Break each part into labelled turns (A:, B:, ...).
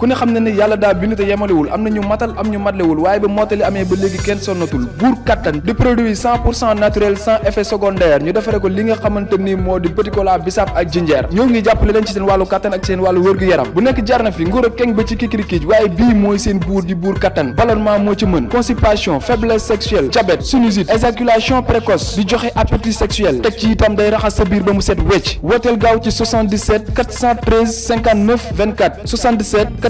A: ku ne xam ne ne yàlla daa bindu te yemalewul am na ñu matal am ñu matlewul waaye ba mottali amee ba léegi kenn sonnatul buur kattan di produit naturel sans effet secondaire ñu defare ko li nga xamante ni moo di petit cola bisaab ak jinjeer ñoo ngi jàppale leen ci seen wàllu kattan ak seen wàllu wërgu-yaram bu nekk jar na fi nguur ak keng ba ci kikirikiij waaye bii mooy seen buur di buur kattan ballonnement moo ci mën constipation faiblesse sexuelle joxe appétit sexuel day raxas sa biir ba mu set wecc wooteel gaaw ci 77 413 59 24 77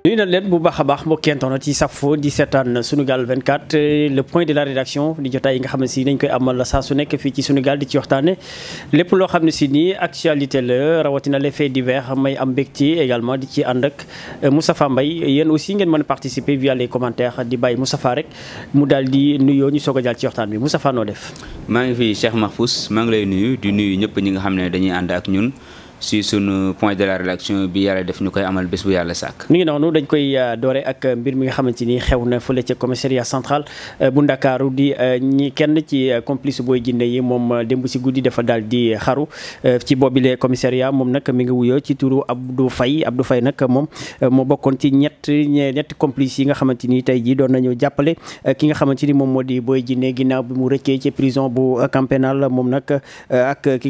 B: nuyu na leen bu baax a baax mbokkentoona ci safo di seetaan Sunugal 24 le point de la rédaction di jotaay yi nga xam ne si dañ koy amal saa su nekk fii ci Sunugal di ci waxtaane lépp loo xam ne si nii actualité la rawatina les faits divers may am mbégte également di ci ànd ak euh, Moustapha mbay yéen aussi ngeen mën a participer via les commentaires di bàyyi Moustapha rek mu daal di nuyoo ñu soo a jàll ci waxtaan bi Moustapha noo def
C: maa ngi fi Cheikh Mahfous maa ngi lay nuyu di nuyu ñëpp ñi nga xam ne dañuy ànd ak ñun si sunu point de la rédaction bi yàlla def ñu koy amal bés bu yàlla sàkk.
B: mi ngi noonu euh, euh, mi nga xamante ni xew na fële ca commissariat euh, yi moom démb si guddi dafa daal di xaru ci boobile commissariat moom nag mi ngi wuyoo ci turu Abdou Faye Abdou Faye nag moom moo bokkoon ci ñett di booy ak ki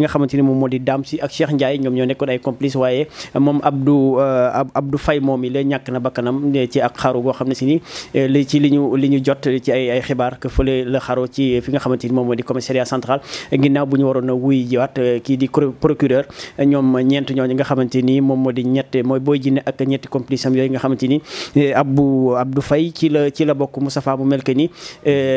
B: nga ñoom ñoo nekkoon ay complice waaye moom Abdou euh, Abdou Faye moom i la ñàkk na bakkanam ci ak xaru goo xam ne si ni euh, li ci li ñu li jot ci ay ay xibaar que fële la ci fi nga xamante ni moom moo di commissariat central ginnaaw bu ñu waroon a wuy jiwaat euh, kii di ñoom ñeent ñooñu nga xamante ni moom moo di ñett mooy booy jinne ak ñetti complice am yooyu nga xamante ni Abdou Abdou Faye ci la ci la bokk Moustapha bu mel que ni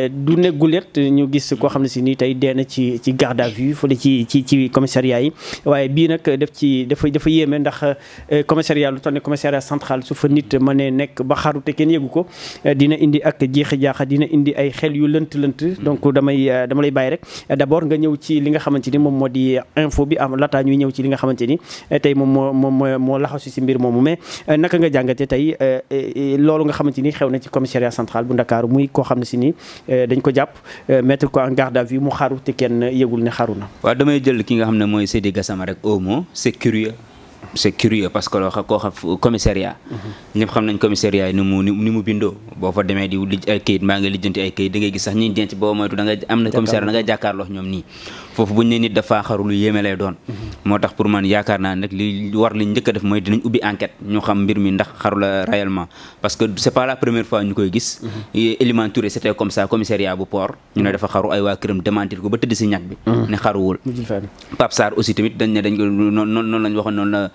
B: du ne gulet ñu gis koo xam ne si nii tey dee na ci ci garde à vue fële ci ci ci commissariat yi waaye bii nag def ci dafa dafa yéeme ndax euh, commissariat lu toll ne commissariat central su fa nit mënee nekk ba xaru te kenn yëgu ko euh, dina indi ak jeexi jaaxa dina indi ay xel yu lënt lënt hmm. donc damay euh, dama lay bàyyi rek d'abord nga ñëw ci li nga xamante ni moom moo di info bi am ah, laata ñuy ñëw ci li nga xamante ni tey moom moo moo moo laxasu si mbir moomu mais naka nga jàngate tey loolu nga xamante ni xew na ci commissariat central bu Ndakaaru muy koo xam ne si ni dañ ko jàpp mettre ko en garde à mu xaru te kenn ne xaru na
C: waaw damay jël ki nga xam ne mooy Seydi Gassama rek au mot c'est curieux. c' est curieux parce que mhm. xam nañ commissariat ni mu ni mu bindoo boo fa demee di ay kayit mbaa nga lijjanti ay kayit da ngay gis sax ñuy denc boo moytu da am na commissariat da nga jàkkaarloo ñoom nii foofu buñ ne nit dafa xaru lu yéeme lay doon mhm. moo tax pour man yaakaar naa nag li war li njëkk a def mooy dinañ ubbi enquête ñu xam mbir mi ndax xaru la parce que c' est la première fois ñu koy gis mhm. Eliman Touré c'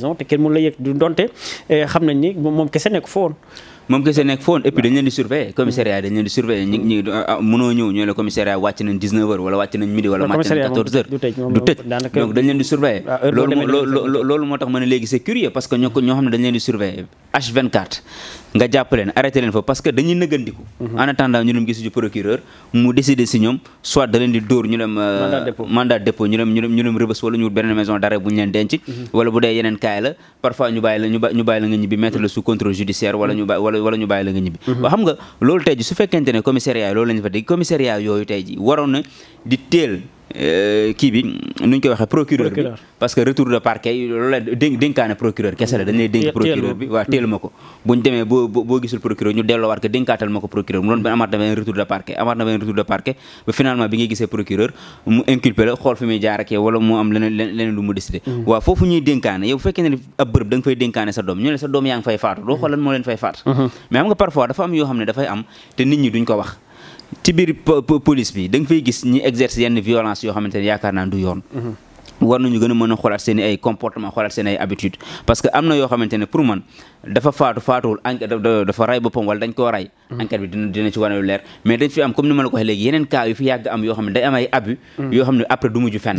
B: raison te kenn mënu la yëg du donte eh, xam nañ ni moom kese nekk fa
C: moom kese nekk foon et dañ leen di surveiller commissariat dañ leen di surveiller ñi ah, ah, ñëw ñu ne la commissariat wàcc nañ 19 heures wala wàcc nañ midi wala wàcc nañ 14 heures
B: du tëj donc dañ leen di surveiller
C: loolu moo tax ma ne léegi c'est parce que ñoo ko ñoo xam ne dañ leen di surveiller H24 nga jàpp leen arrêté leen fa parce que dañuy nëggandiku mhm. en attendant ñu dem gis ju procureur mu décider si ñoom soit da leen di dóor ñu dem mandat rëbës wala ñu wut mhm. la nga ñibbi mettre la mhm. sous contrôle judiciaire wala ñu bàyyi la nga ñibbi waaw xam nga loolu tey su fekkente ne commissariat yi loolu lañ fa dégg commissariat yooyu tey ji waroon na di teel Euh, kii bi nu ñu waxee procureur bi parce que retour de parquet yi loolu la dénk dénkaane procureur kese la dañ lay dénk procureur bi waaw téelu ma ko buñ demee boo gisul procureur ñu delloowaat ko dénkaatal ma ko procureur mu doon benn amaat na benn retour de parquet amaat na benn retour de parquet ba finalement bi nga gisee procureur mu inculpé la xool fi muy jaar ak yow wala mu am leneen mm. ab bërëb da nga fay dénkaane sa doom ñu mm. leen ci biir police bi da nga fay gis ñi exerce yenn violence yoo xamante ne yaakaar naa du war nañu gën a mën a xoolaat seen ay comportement xoolaat seen ay habitude parce que am na yoo xamante ne pour man dafa faatu faatuwul dafa ray boppam wala dañ koo ray mm. enquête bi dina ci wane lu leer mais dañ mm. xam ne après du mujj fenn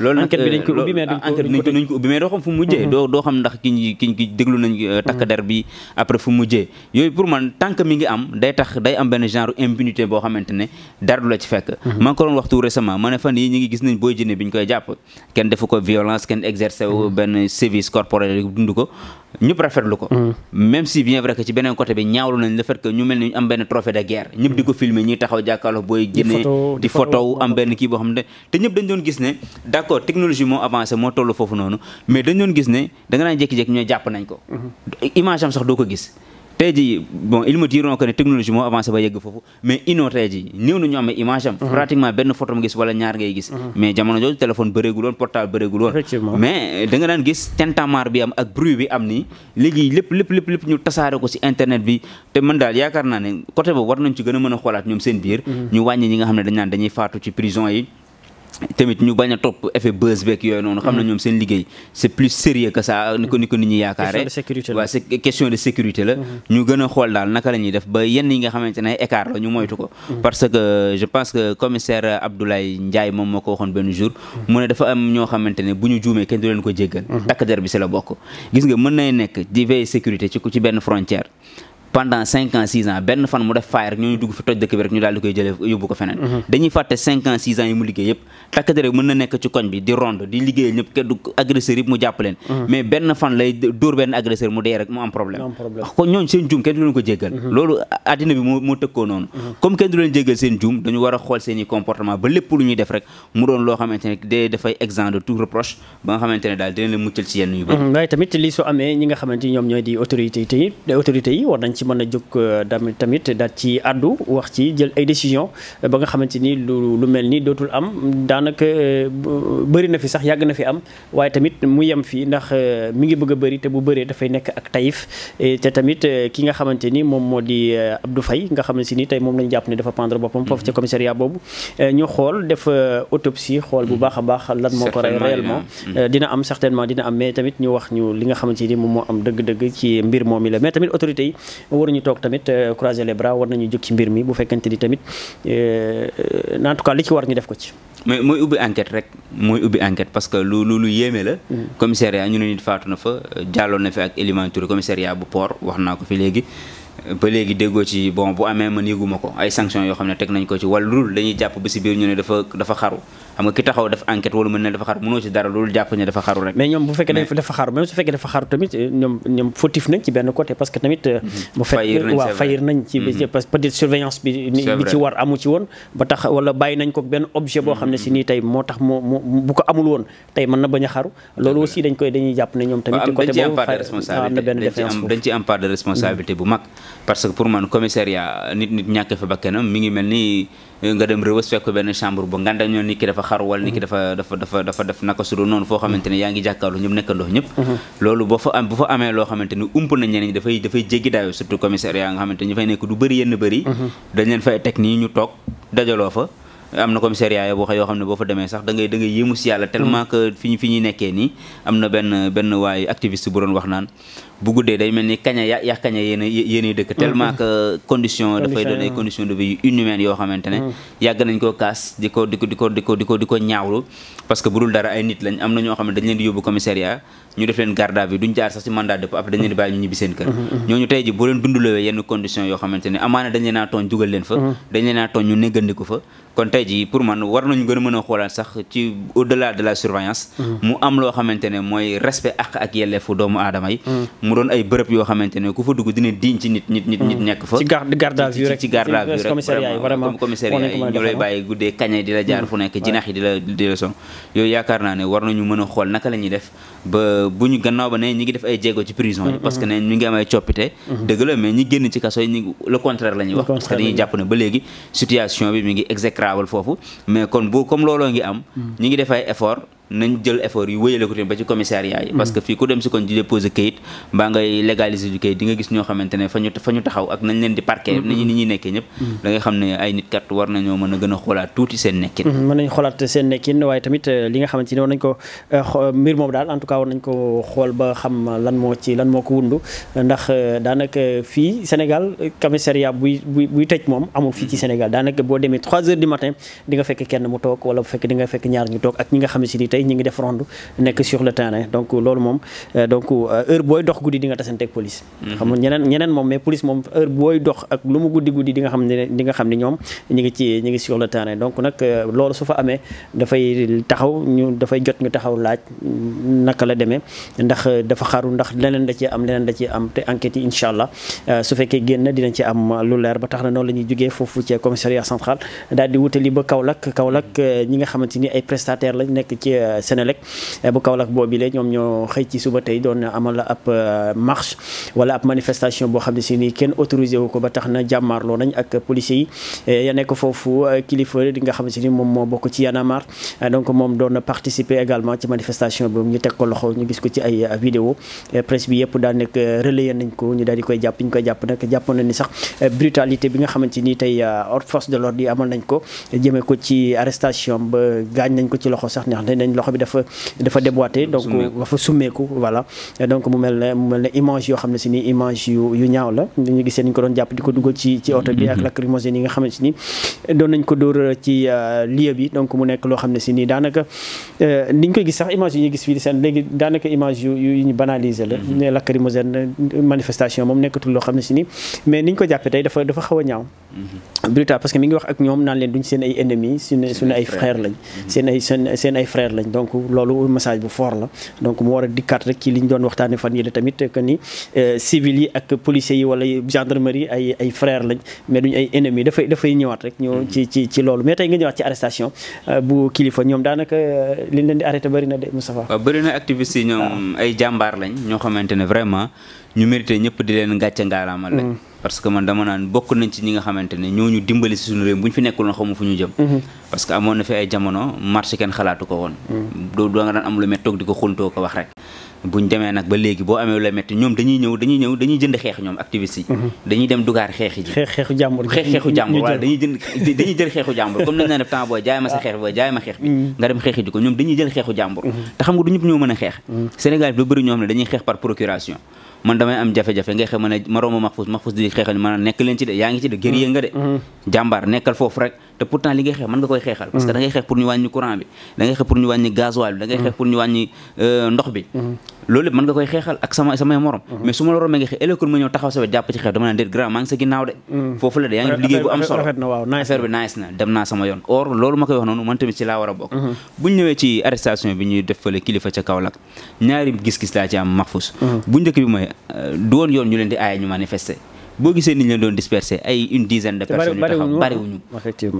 C: loolu enquête euh, ko ubbi mais doo xam mm-hmm. ndax kiñ kiñ ki déglu nañ euh, takk mm-hmm. der bi après fu mujjee yooyu pour man tant que am day tax day am benn genre impunité boo xamante ne dara du la ci fekk mm-hmm. maa ko doon waxtu récemment ma kenn defu ko violence kenn exercer wu mm. benn service corporel dund ko ñëpp rafetlu ko mm. même si bien vrai que ci beneen côté bi ñaawlu nañ le fait ñu mel ni am benn trophée de guerre ñëpp di ko mm. filmer ñuy taxaw jàkkaarloo booy génnee di photo am benn kii boo xam ne te ñëpp dañ doon gis ne d' accord technologie moo avancé moo toll foofu noonu mais dañ doon gis ne da nga naan jékki-jékki ñu jàpp nañ ko mm-hmm. image sax doo ko gis tey jii bon ils me diront que ne technologie moo avancé ba yegg foofu mais ino tey jii néew na ñu amee image am mhm. pratiquement benn photo mu gis wala ñaar ngay gis mhm. mais jamono jooju téléphone bëreegul woon portable bëreegul woon mais eh, da nga daan gis tintamarre bi am ak bruit bi am nii léegi lépp lépp lépp lépp ñu tasaare ko si internet bi te man daal yaakaar naa ne côté boobu war nañ ci gën a mën a xoolaat ñoom seen biir mhm. ñu wàññi ñi nga xam ne dañ naan dañuy faatu ci prison yi tamit ñu bañ a topp effet buzz beeg yooyu noonu xam na mm. ñoom seen liggéey c'est plus sérieux que ça ni ko ni ko nit ñi yaakaare waaw c'est question de sécurité la mm-hmm. ñu gën a xool daal naka la def ba yenn yi nga xamante ne écart la ñu moytu ko mm-hmm. parce que je pense que commissaire Abdoulaye Ndiaye moom moo ko waxoon benn jour mm-hmm. mu ne dafa am ñoo xamante ne bu ñu juumee kenn du leen ko jéggal takk der bi si la bokk gis nga mën nay nekk di veille sécurité ci ci benn frontière pendant cinq ans benn fan mu def faay rek ñooñu dugg toj dëkk bi rek ñu daal koy jëlee yóbbu ko feneen mhm. dañuy fàtte cinq ans yi mu liggéey yëpp takk der mën na nekk ci koñ bi di ronde di liggéey ñëpp kenn du yëpp mu jàpp mhm. mais benn fan lay dóor benn agresseur mu dee rek mu am problème kon ñooñu seen juum kenn du leen ko jéggal mhm. loolu addina bi moo tëkkoo noonu comme kenn du leen jéggal seen juum dañu war a xool seen
B: i mën a jóg euh, dam tamit daal ci àddu wax ci jël ay décision euh, ba nga xamante ni lu lu mel ni dootul am daanaka euh, bëri na fi sax yàgg na fi am waaye tamit mu yem fii ndax mi ngi bëgg a bëri te bu bëree dafay nekk ak tayif te tamit ki nga xamante ni moom moo di du Faye nga xamante ni tey moom lañu jàpp ni dafa pendre boppam foofu ca commissariat boobu ñu xool def autopsie xool bu baax a baax lan moo ko rey réellement dina am certainement dina am mais tamit ñu wax ñu li nga xamante ni moom moo am dëgg-dëgg ci mbir moom mi la mais tamit autorité waruñu toog tamit euh, croiser les bras war nañu jóg ci mbir mi bu fekkente ni tamit euh, euh, en tout cas li ci war ñu def ko ci.
C: mais mooy ubbi enquête rek mooy ubbi enquête parce que lu lu lu yéeme la. Mm. commissariat ñu ne nit faatu na fa jàlloon na fi ak Elimane Touré commissariat bu port wax naa ko fi léegi. ba léegi déggoo ci bon bu amee man yëguma ko ay sanctions yoo xam ne teg nañ ko ci wàllu dañuy jàpp ba si biir ñu ne dafa dafa xaru. xam nga ki taxaw def enquête wala mën ne dafa xaru mënoo ci dara loolu jàpp ne dafa xaru rek mais ñoom bu fekkee
B: dafa xaru même su fekkee dafa xaru tamit euh, ñoom ñoom fautif nañ ci benn côté parce que tamit euh, mhm. bu fekkee waaw fayir nañ ci mhm. peut bi bi ci war amu ba tax wala ko benn objet boo xam ne si mhm. nii tey moo tax moo bu ko amul woon tey mën na bañ a xaru loolu aussi dañ koy dañuy jàpp ne ñoom tamit côté boobu am na benn défense
C: dañ ci am part de responsabilité bu mag parce que pour man commissariat nit nit ñàkk fa bakkanam mi ngi mel ni nga dem rëbës fekk benn chambre bu nganda ñoo nit ki dafa xaru wala ki dafa dafa dafa def naka su noonu foo xamante ne yaa ngi jàkkaarloo ñëpp nekkandoo ñëpp mhm. loolu boo fa am bu fa amee loo xamante ne ump na ñeneen dafay dafay jéggi daayoo surtout commissariat nga xamante ne ñu fay nekk du bëri yenn bëri mhm. dañ leen teg nii ñu toog dajaloo fa am na commissariat boo xam yoo xam ne boo fa demee sax da ngay da yàlla mm. tellement que fi ñu nekkee nii am na benn benn waaye activiste bu doon wax naan bu guddee day mel ni kaña ya kaña yéen a yéen dëkk mm. tellement que condition dafay doon mm. ay nit lañ am na ñoo xam ne dañ leen di yóbbu commissariat ñu def leen garde à duñ jaar sax ci mandat de après dañ leen di bàyyi ñu ñibbi seen kër mm-hmm, mm-hmm. ñooñu tey ji boo leen dundulowee yenn condition yoo xamante kon tey jii pour man war nañu gën a mën a xoolaat sax ci au delà de mm-hmm. yi mm-hmm. mu yoo xamante ne ku fa dugg dina diñ ci nit nit nit nit mm-hmm. nekk fa ci garde à vue rek ci lay bàyyi guddee kañe di la jaar fu nekk jinax yi di la di la son yooyu yaakaar naa ne war nañu mën xool naka la def ba bu ñu gannaaw ba ne ñi ngi def ay jéego ci prison yi parce que ne ñu ngi am coppite dëgg la ñi génn ci kaso yi le contraire la wax parce que dañuy jàpp ne ba léegi situation bi mi ngi exécrable travel foofu mais kon bu comme looloo ngi am. Hmm. ñu ngi def ay effort nañ jël effort yi wéyale ko tamit ba ci commissariat yi parce que fii ku dem si kon di déposer kayit mbaa ngay légaliser du kayit di gis ñoo xamante ne fa ñu taxaw ak nañ leen di parquer mm-hmm. nañu ni ñuy nekkee ñëpp mm-hmm. da xam ne ay nit kat war nañoo
B: ko xool ba xam lan moo ci lan moo ko wundu ndax euh, daanaka fii Sénégal commissariat buy buy buy tëj moom amul fii ci mm-hmm. Sénégal daanaka boo demee 3 heures du matin di fekk kenn mu toog wala bu fekk di tey ñi ngi def ronde nekk sur le terrain donc loolu moom euh, donc euh, heure booy dox guddi di nga tasanteeg police mhm. xam ñeneen moom mais police moom heure booy dox ak lu mu guddi guddi di xam ne ñoom ñi ngi ci ñi ngi sur le terrain donc nag euh, loolu su fa amee dafay taxaw ñu dafay jot ñu taxaw laaj naka la demee ndax dafa xaru ndax leneen da ci am leneen da ci am te enquête yi incha allah su fekkee génn dinañ ci am lu leer ba tax na noonu la ñuy jugee foofu ci commissariat central daal di Sénélec eh, bu Kaolack boobile ñoom ñoo xëy ci suba tey doon amal ab euh, marche wala ab manifestation boo xam ne si nii kenn autorisé wu ko ba tax na jàmmaarloo nañ ak policiers yi eh, ya nekk foofu euh, kilifa li nga xam ne si ni moom moo bokk ci Y'en a marre eh, donc moom doon na participer également ci manifestation boobu ñu teg ko loxo ñu gis ko ci ay euh, vidéo presse bi yëpp daal nekk relayer nañ ko ñu daal di koy jàpp ñu koy jàpp nag na ni sax brutalité bi nga xamante ni tey force de l'ordre ko jëmee loxo bi dafa dafa déboîté donc dafa summeeku voilà donc mu mel ne image yoo xam ne si ni image yu yu ñaaw la ñu gisee ni ñu ko doon jàpp di ko dugal ci oto bi ak mhm. lacrymogène yi nga xam ne si ni doon nañ ko dóor ci euh, lieu bi donc mu nekk loo xam ne si nii daanaka euh, ni ñu koy gis sax image yi ñuy gis fii di seen léegi daanaka image yu yu ñu banaliser la mhm. ne lacrymogène manifestation moom nekkatul loo xam ne si ni mais ni ñu ko jàppee tey dafa dafa xaw a ñaaw mhm. brutal parce que mi ngi wax ak ñoom donc loolu message bu foor la donc mu war a dikkaat rek ci li ñu doon waxtaanee fan yële tamit que ni euh, civil yi ak policiers yi wala gendarmerie ay ay frères lañ mais duñ ay ennemis dafay dafay ñëwaat rek ñoo ci ci ci loolu mais tey nga ñëwaat ci arrestation euh, bu kilifa ñoom daanaka euh, liñ leen di arrêté bëri na de Moustapha.
C: waaw bëri na activistes yi ñoom ah. ay jàmbaar lañ ñoo xamante ne vraiment. ñu mérité ñëpp di leen gàcce ngaalaamal rek mm. parce que man dama naan bokk nañ ci ñi nga xamante ne ñooñu dimbali si suñu réew bu ñu fi nekkuloon xamu fu ñu jëm mm-hmm. ko woon mm. doo doo nga daan am lu met ko wax rek buñ demee nag ba léegi boo amee lu metti ñoom dañuy ñëw dañuy ñëw dañuy jënd xeex ñoom activistes yi mm-hmm. dem dugaar xeexi ji xeexu jàmbur xeexu jàmbur wala dañuy jënd dañuy jël xeexu jàmbur comme nañ na def temps boo jaay ma sa xeex xeex bi mm. nga dem xeexi ji ko ñoom dañuy jël xeexu jàmbur mm-hmm. te xam nga du ñëpp ñoo mën a xeex Sénégal bi lu bëri ñoo xam ne dañuy xeex par procuration man damay am jafe-jafe ngay xeex ma ne marooma Mahfouz Mahfouz di xeexal ma nekk leen ci de yaa ngi ci de guerrier nga de mm-hmm. Mm-hmm. jàmbaar nekkal foofu rek te pourtant li ngay xeex mën nga koy xeexal parce que mm-hmm. xeex pour ñu wàññi courant bi da xeex pour ñu wàññi gasoil bi da ngay xeex pour ñu wàññi euh, ndox bi loolu lépp mën nga koy xeexal ak sama samay morom mhm. mais su ma la nga xeex ëllëg ma ñëw taxaw sa wet jàpp ci xeex dama naan déet grand maa ngi sa mhm. bi nice na dem naa sama loolu ma koy wax noonu man tamit ci laa war a bokk mhm. buñ ñëwee ci arrestation bi ñuy def fële kilifa ca Kaolack ñaari gis-gis laa ci am maxfus bu njëkk bi mooy euh, du yoon ñu leen di aaye ñu manifester boo gisee ni ñu leen doon dispersé ay une dizaine de personnes taxaw bariwuñu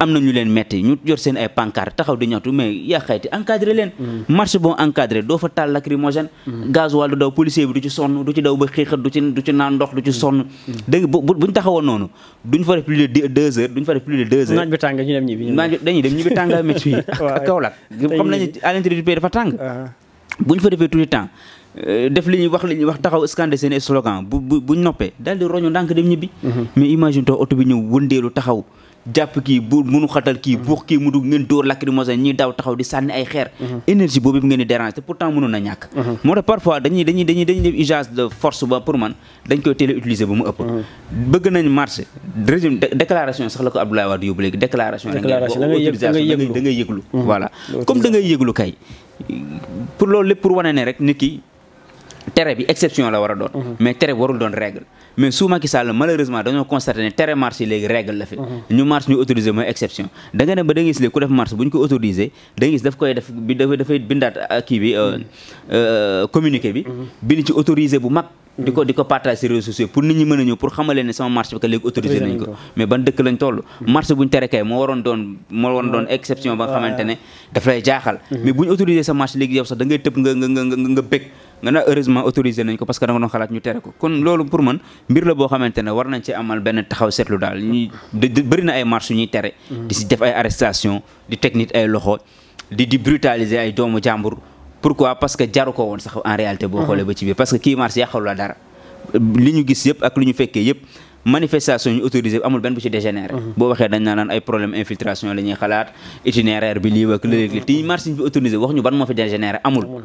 C: am na ñu leen metti ñu yor seen ay pancarte taxaw di ñaxtu mais yaa xayti encadré leen mm. marche bon encadré doo fa taal lacrymogène mm. gaz wàllu daw policier bi du ci sonn du ci daw ba xiixat du ci du ci naan ndox du ci sonn mm. dégg buñ taxawoon noonu duñ fa def plus de deux heures duñ fa def plus de deux heures naaj bi tàng ñu dem ñibbi dañuy dem ñibbi tànga métti fii Kaolack xam nañu ah. fa defee tout le temps Euh, def li ñuy wax li ñuy wax taxaw scandé seen slogan bu bu buñ noppee daal di roñu ndànk dem ñibbi. Mhm. mais imagine toi oto ñëw wëndeelu taxaw jàpp kii bu mënu xatal kii mhm. buux kii mu dugg ngeen dóor lacrymogène ñi daw taxaw di sànni ay xeer. Mhm. énergie boobu ngeen di déranger te pourtant mënoon na ñàkk. moo tax parfois dañuy dañuy dañuy def usage de force ba pour man dañ koy télé utiliser ba mu ëpp. bëgg nañ marché régime déclaration sax la ko Abdoulaye Wade yóbbu léegi da ngay yëg da ngay yëglu da ngay tere bi exception la war a doon mhm. mais tere bi warul doon règle mais su Macky Sall malheureusement dañoo constaté ne tere marche léegi règle la fi mhm. ñu marche ñu autorisé bu mag di ko mhm. di ko partage sociaux pour nit ñi mën pour xamaleen sama marché bi que léegi autorisé nañ ko mais ban dëkk lañ toll marché buñ tere kay moo waroon doon exception ba nga xamante ne daf lay jaaxal mais buñ autorisé sa marché léegi yow sax da tëb nga nga nga nga nga ne heureusement autorisé nañ ko parce que da nga doon xalaat ñu tere ko kon loolu pour man mbir la boo xamante ne war nañ ci amal benn taxaw seetlu daal ñuy bëri na ay marche ñuy tere di si def ay arrestation di teg ay loxo di di brutaliser ay doomu jàmbur pourquoi parce que jaru ko woon sax en réalité boo mhm. xoolee ba ci biir parce que kii marche yàqalu la dara li ñu gis yëpp ak li ñu fekkee yëpp manifestation ñu autorisé amul benn bu ci dégénéré mhm. boo waxee dañ naan ay problème infiltration la ñuy xalaat itinéraire bi lii ak lëleeg wax ñu ban moo fi dégénéré amul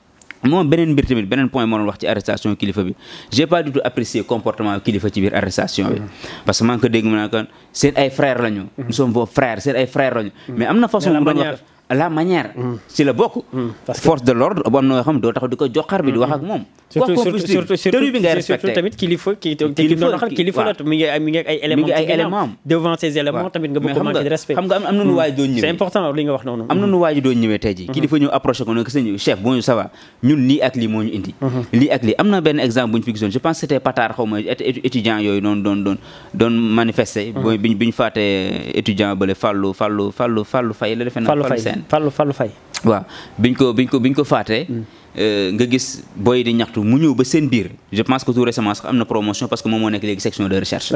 C: moom beneen mbir tamit beneen point moo doon wax ci arrestation bi j'ai pas du tout apprécié comportement kilifa ci biir arrestation bi mm-hmm. parce man ko dégg mu naan kon seen ay frères lañu. nous sommes vos frères seen ay frères lañu. Mm-hmm. mais am na façon bu doon wax la manière. Mm. si la bokk. Mm. force de l'ordre am na yoo mm-hmm. mm. doon
B: ñëwee c'est important li nga noonu. am na
C: mm-hmm. chef bon ça ñun lii ak lii indi. Mm-hmm. lii ak am na benn exemple bu ñu fi je pense c'était Patar xaw ma étudiant yooyu noonu doon doon doon manifester. bi ñu faatee étudiant la defe na Fallou Sène
B: Fallu Fallu Fay
C: biñ ko biñ ko biñ ko faatee mm. Euh, nga gis booy di ñaxtu mu ñëw ba seen biir je pense que tout récemment am na promotion parce que moom moo nekk léegi section de recherche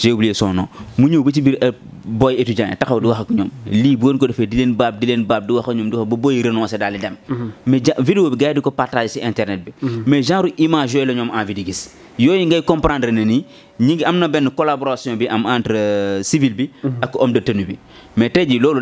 C: j'ai oublié son nom mu ñëw ba ci biir euh, booy étudiant yi taxaw di wax ñoom lii bu ngeen ko defee di leen baab di leen ñoom di wax ba booy renoncé daal dem mm-hmm. mm-hmm. mais genre image yooyu la ñoom envie di gis yooyu ngay comprendre ne nii ñi ngi am na benn collaboration bi am entre euh, civil bi mm-hmm. ak homme de tenue bi mais tey jii loolu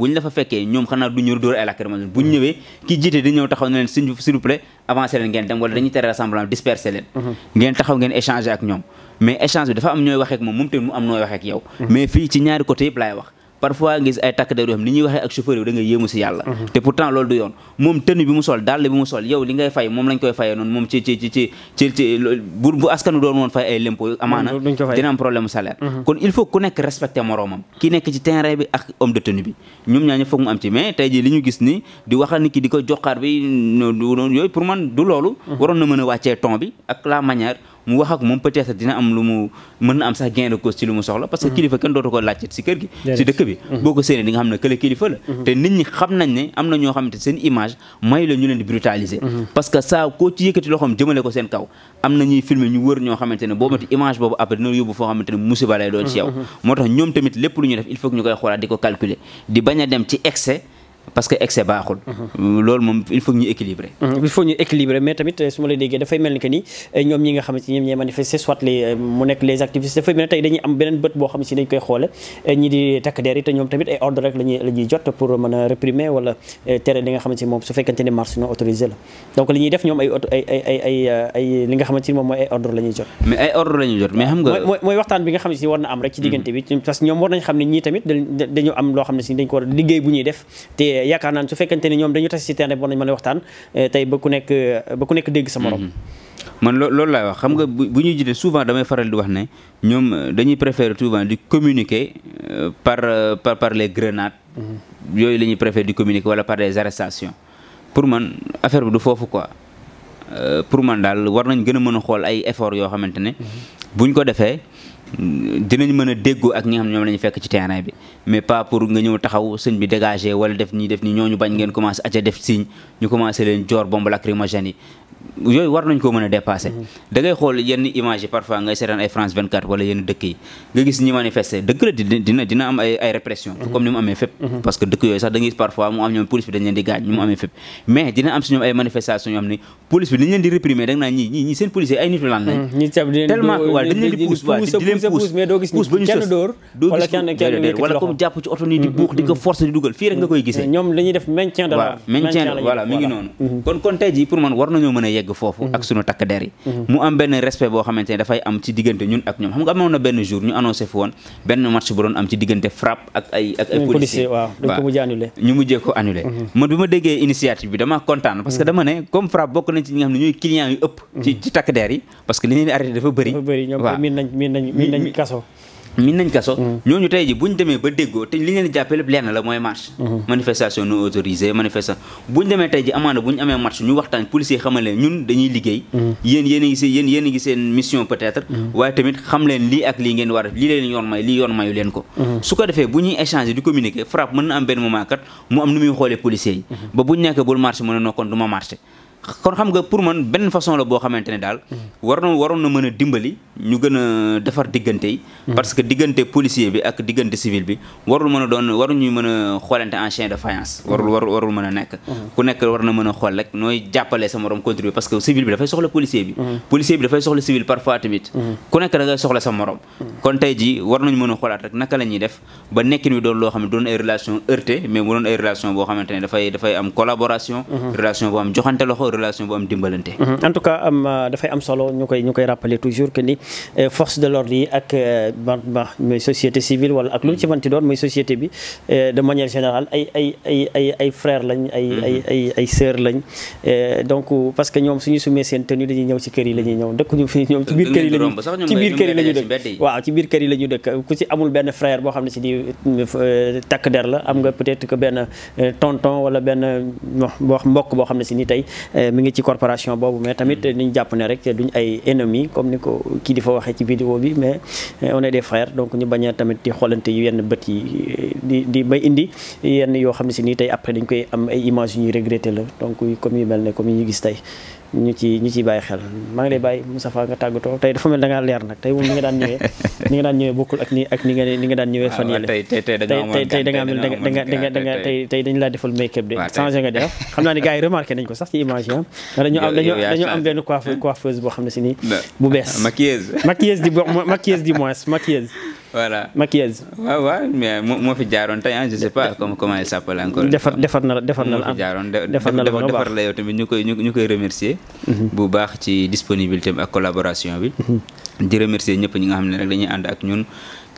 C: buñ la fa fekkee ñoom xanaa du ñu dóor ay lacrymogène buñ ñëwee ki jiite di ñëw taxaw ne leen s'il vous plaît avancé leen ngeen dem wala dañuy tere rassemblement dispersé leen mhm. ngeen taxaw ngeen échanger ak ñoom mais échange bi dafa am ñooy waxeek moom moom tamit mu am nooy waxeek yow mhm. mais fii ci ñaari côté yëpp laay wax parfois nga ay takk der yoo xam ni ñuy waxee ak chauffeur yi da si yàlla mhm. te pourtant loolu du yoon moom tenue bi mu sol dàll bi mu sol yow li ngay fay moom lañ koy fayee noonu moom ci ci ci bu bu askanu doon woon fay ay lempo mhm, amaana dina am problème salaire mhm. kon il faut ku nekk moroomam ki nekk ci terrain bi ak homme de tenue bi ñoom ñaa ñëpp mu am ci mais tey jii li ñu gis ni di waxal di ko joxaar bi yooyu man du loolu waroon na mën a mu wax ak moom peut-être dina am lu mu mën na am sax gain de cause ci lu mu soxla parce que mm-hmm. kilifa kenn dootu ko laajte si kër gi si dëkk bi mm-hmm. boo ko séenee di xam ne kële kilifa la mm-hmm. te nit ñi xam nañ ne am na ñoo xamante seen image na ñuy filmer image boobu après yóbbu foo xamante ne musiba lay doon ci yow moo tax ñoom tamit lépp lu ñu def il faut que ñu koy xoolaat di ko calculer di bañ dem ci excès parce que excès baaxul. Mhm. loolu moom il faut ñu équilibrer.
B: Mhm. mais tamit euh, su ma la déggee dafay mel ni que ni euh, ñoom ñi nga xamante euh, si ñoom a réprimer wala tere moom su fekkante ni marche non autorisée la donc li def ñoom ay li nga xamante ni moom mooy ay ordre la jot.
C: mais ay ordre la jot mais xam nga. mooy
B: mooy waxtaan bi nga xamante ni war na am rek. ci diggante bi mhm. parce que ñoom war nañ xam ne ñii tamit dañu am loo xam ne si dañ ko war liggéey bu ñuy waaye eh, yaakaar naan su fekkante ni ñoom dañu tase si terrain bi war nañu a waxtaan eh, tey ba ku nekk eh, ba ku nekk dégg sa morom mhm.
C: man loo loolu laay wax xam nga bu ñuy jiite souvent damay faral di wax ne ñoom dañuy préférer souvent di communiquer par par par les grenades mhm. yooyu la ñuy préférer di communiquer wala par des arrestations pour man affaire bi du foofu quoi pour man daal war nañ gën a mën a xool ay efforts yoo xamante ne mhm. buñ ko defee dinañ mën a déggoo ak ñi nga xam ñoom la ñu fekk ci terrain bi mais pas pour nga ñëw taxaw sëñ bi dégagé wala def nii def nii ñooñu bañ ngeen commencé aja def signe ñu commencé leen joor bombe lacrymogène yi yooyu war nañ koo mën a dépassé mm-hmm. da ngay xool yenn image parfois ngay seetaan ay France 24 wala yenn dëkk yi nga gis ñi manifesté dëgg la dina dina am ay ay mm-hmm. comme ni mu amee fépp mm-hmm. parce que dëkk yooyu sax da ngay parfois mu am ñoom ni police bi dañ leen di réprimer ñii ñii ñii seen ay nit lan lañ
B: tellement waaw dañ leen di
C: comme jàpp ci oto nii di buux di ko
B: force di dugal fii nga koy gisee ñoom dañuy def maintien de
C: a yegg foofu ak mm-hmm. sunu takk der mm-hmm. mu am benn respect boo xamante dafay am ci diggante ñun ak ñoom xam nga amoon na benn jour ñu annoncé fu woon benn match bu doon am ci diggante frappe ak ay ak mm-hmm. waaw ñu mujjee ko annulé man bi ma déggee initiative bi dama kontaan parce que dama ne comme frappe bokk nañ ci ñi nga xam ne ñooy client yu ëpp ci takk der parce que li leen di dafa bëri waaw miin
B: nañ kaso min nañ kaso mm-hmm.
C: ñooñu tey ji bu ñu demee ba déggoo te li ngeen jàppee lépp la mooy marche mm-hmm. manifestation non autorisée manifestation bu ñu demee tey ji amaana bu ñu amee marche ñu waxtaan policier xamal leen ñun dañuy liggéey mm-hmm. yéen yéen ngi seen mission peut waaye tamit xam leen lii ak lii ngeen war lii leen yoon mayu leen ko su ko defee bu ñuy échanger di communiquer frappe mën na am benn moment kat mu am nu muy xoolee policier yi ba bu ñu nekk bul marché mu ma kon xam nga pour man benn façon la boo xamante ne daal. Hmm. war na waroon na mën a dimbali ñu gën a defar diggante yi. Hmm. parce que diggante policier bi ak diggante civil bi warul mën a doon warul ñu mën a xoolante en chien de faïence. Hmm. warul mën a nekk. ku nekk war na mën a xool rek nooy jàppale sa morom contribuer parce que civil bi dafay soxla policier bi. policier bi dafay soxla civil parfois tamit. ku nekk da soxla sa morom. kon tey jii war nañu mën a xoolaat ba nekkin wi doon relation bu am dimbalante.
B: Mhm. en tout cas am euh, dafay am solo ñu koy ñu koy rappeler toujours que ni euh, force de l'ordre yi ak euh, ban ba muy société civile wala ak lu ci mënti doon muy société bi de manière générale ay ay ay ay ay ay mhm. ay ay ay sœurs lañ donc parce que ñoom suñu sumee seen tenue dañuy ñëw ci kër yi la ñuy ñëw dëkk ñu fi ñoom ci biir kër yi lañu ci biir kër yi la ñu dëkk waaw ci biir kër yi la ñu dëkk ku ci amul benn frère boo xam ne si di takk der la am nga peut-être que benn tonton wala benn wax mbokk boo xam ne si ni tey Eh, mi ngi ci corporation boobu mais tamit mm. niñ jàpp ne rek ñu ay ennemis comme ni ko kii di fa waxee ci vidéo bi mais eh, on est des donc ñu bañ a tamit di xoolante yu yenn bët yi di di bay indi yenn yoo xam ne si nii tey après dañ koy am ay images yu ñuy regretter la donc comme yu mel ne comme yi ñu gis tey ñu ci ñu ci bàyyi xel maa ngi lay bàyyi Moustapha nga tàggatoo tey dafa mel da leer nag tey moom ni nga daan ñëwee bokkul ak ni ak ni nga daan ñëwee fan tey tey tey da tey tey dañu laa defal make de changé nga def xam naa ni gars yi remarqué nañ ko sax ci image yi ah dañoo am dañoo dañoo am benn coiffeuse coiffeuse boo xam ne si nii bu bees maquilleuse maquilleuse di maquilleuse di moins voilà maquilleuse. waaw mais moo fi jaaroon tey ah je sais pas
C: comment comment il encore. defar
B: defar na la defar na la moo fi defar na la defar
C: la tamit ñu koy ñu koy remercier. Mhm. bu baax ci disponibilité bi ak collaboration bi. Mhm. di remercier ñëpp ñi nga xam ne rek dañuy ànd ak ñun.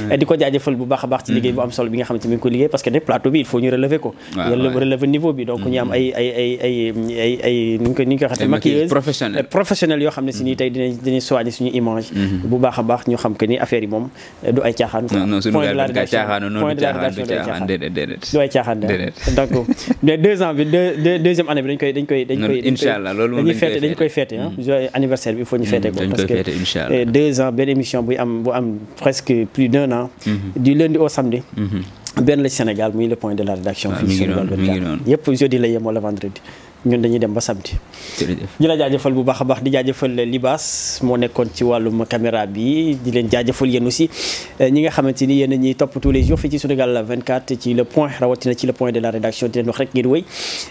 B: Euh, di ko jaajëfal bu baax baax ci liggéey bu mm-hmm. am solo bi nga xamante mi ngi ko liggéey parce que ne plateau bi il faut ñu relever ko relever euh, mm-hmm. mm-hmm. que ni affaire deux ans benn émission buy am bu am presque plus d'un an. Mhm. du lundi au samedi. Mhm. benn la Sénégal muy le point de la rédaction. Ah, fii Sénégal 24 yëpp jeudi la yem wala vendredi. ñun dañuy dem ba samedi. di la jaajëfal bu baax a baax di li Libaas moo nekkoon ci wàllum caméra bi di leen jaajëfal yéen aussi eh, ñi nga xamante ni yéen a ñuy topp tous les jours fii ci Sunugal 24 ci le point rawatina ci le point de la rédaction di leen wax rek ngeen wéy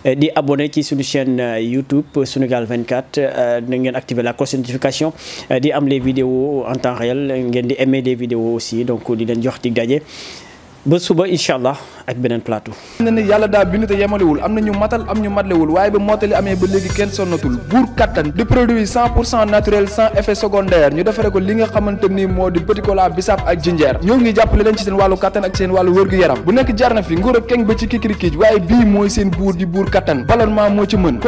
B: eh, di abonné ci suñu chaîne eh, YouTube Sunugal na ngeen activer la cloche de di am les vidéos en temps réel ngeen di aimer les aussi donc di leen jox dig daje. ba suba incha allah ak beneen plateau.
A: xam na yàlla daal bi te yemalewul am na ñu matal am ñu matlewul waaye ba mottali amee ba léegi kenn sonnatul buur kattan di produit naturel sans effet secondaire ñu defaree ko li nga xamante ni moo di petit bisaab ak jinjeer ñoo ngi jàppale leen ci seen wàllu kattan ak seen wàllu wërgu yaram bu nekk jarna fi nguur ak keng ba ci kikirikiij waaye bii mooy seen buur di buur kattan ballonnement moo ci mën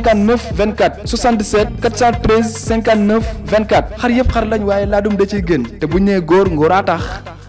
A: 59 24 77 413 59 24 xar yëpp xar lañ waaye laa dum da ciy gën te bu ñee góor ngóoraa tax